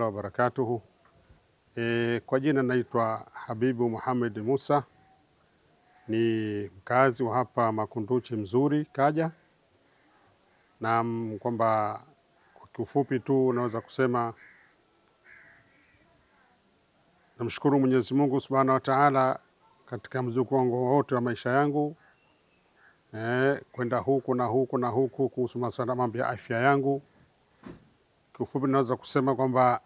wa wabarakatuhu. E, kwa jina naitwa Habibu Muhammad Musa, ni mkazi wa hapa Makunduchi Mzuri Kaja, na kwamba kwa kiufupi tu unaweza kusema namshukuru Mwenyezi Mungu Subhanahu wa Ta'ala katika mzunguko wangu wote wa maisha yangu e, kwenda huku na huku na huku kuhusu masuala mambo ya afya yangu kiufupi naweza kusema kwamba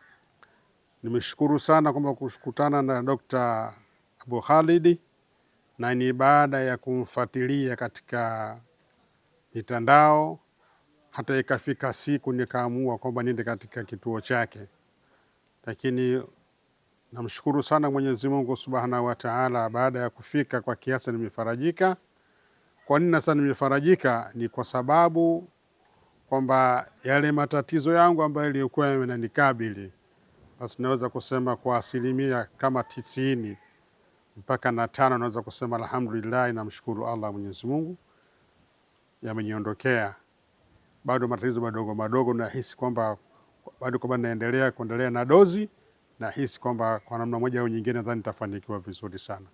nimeshukuru sana kwamba kukutana na Dr. Abu Khalidi na ni baada ya kumfuatilia katika mitandao hata ikafika siku nikaamua kwamba niende katika kituo chake, lakini namshukuru sana Mwenyezi Mungu Subhanahu wa Ta'ala, baada ya kufika kwa kiasi nimefarajika. Kwa nini sasa nimefarajika? Ni kwa sababu kwamba yale matatizo yangu ambayo yaliyokuwa yananikabili basi naweza kusema kwa asilimia kama tisini mpaka na tano naweza kusema alhamdulillah, namshukuru Allah Mwenyezi Mungu yameniondokea. Bado matatizo madogo madogo nahisi kwamba bado kwamba naendelea kuendelea na dozi, nahisi kwamba kwa namna moja au nyingine nadhani nitafanikiwa vizuri sana.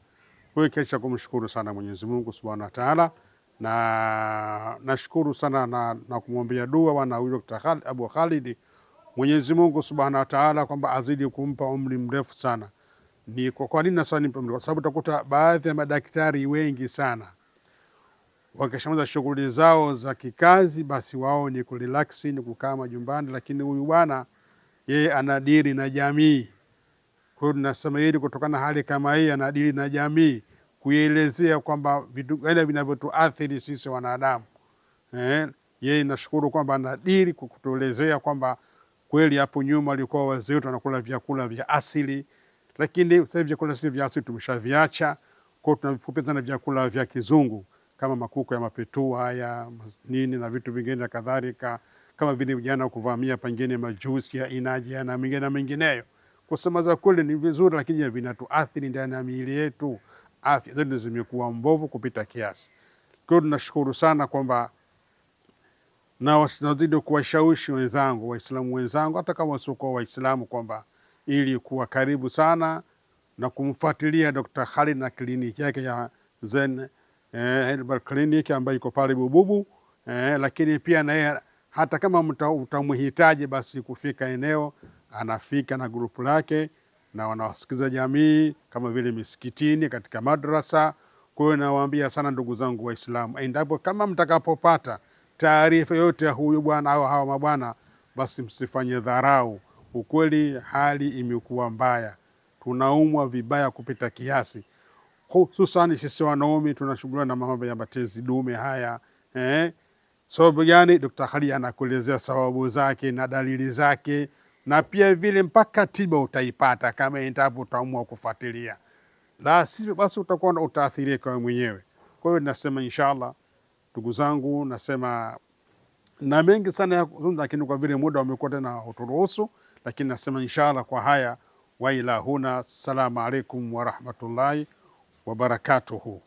Kwa hiyo kesha kumshukuru sana Mwenyezi Mungu subhanahu wa taala na nashukuru sana na, na kumwombea dua wana huyu Dr. Abu Khalid, Mwenyezi Mungu Subhanahu wa Ta'ala, kwamba azidi kumpa umri mrefu sana. Ni kwa kwa nini nasema nimpe umri? Kwa sababu utakuta baadhi ya madaktari wengi sana wakishamaliza shughuli zao za kikazi, basi wao ni kurelax, ni kukaa majumbani, lakini huyu bwana yeye anadili na jamii. Kwa hiyo tunasema hili kutokana na hali kama hii, anadili na jamii kuielezea kwamba vitu vinavyotuathiri sisi wanadamu eh. Yeye nashukuru kwamba anadiri kutuelezea kwamba kweli hapo nyuma walikuwa wazee wetu wanakula vyakula vya asili, lakini sasa hivi vyakula sio vya asili tumeshaviacha, kwa tunafupi vyakula vya kizungu kama makuku ya mapetua haya nini na vitu vingine na kadhalika, kama vile vijana kuvamia pengine majusi ya inaji na mengine na mengineyo. Kusema za kweli ni vizuri, lakini vinatuathiri ndani ya miili yetu afya zetu zimekuwa mbovu kupita kiasi. Kwa hiyo tunashukuru sana kwamba na kuwashawishi wenzangu Waislamu wenzangu hata kama wasiokuwa Waislamu kwamba ili kuwa karibu sana na kumfuatilia Dr. Khalid na kliniki yake ya Zen eh, Herbal Clinic ambayo iko pale Bububu eh, lakini pia na yeye hata kama utamhitaji basi kufika eneo anafika na grupu lake na wanawasikiza jamii kama vile misikitini, katika madrasa. Kwa hiyo nawaambia sana ndugu zangu Waislamu, endapo kama mtakapopata taarifa yoyote ya huyu bwana au hawa mabwana, basi msifanye dharau. Ukweli hali imekuwa mbaya, tunaumwa vibaya kupita kiasi, hususan sisi wanaume tunashughulia na mambo ya matezi dume haya eh? Sababu gani? Dkt Khalid anakuelezea sababu zake na dalili zake na pia vile mpaka tiba utaipata kama endapo utaamua kufuatilia, la sivyo basi utakuwa utaathirika wewe mwenyewe. Kwa hiyo nasema inshallah, ndugu zangu, nasema na mengi sana ya kuzungumza, lakini kwa vile muda umekuwa tena uturuhusu, lakini nasema inshallah kwa haya wa ila huna. Assalamu alaikum warahmatullahi wabarakatuhu.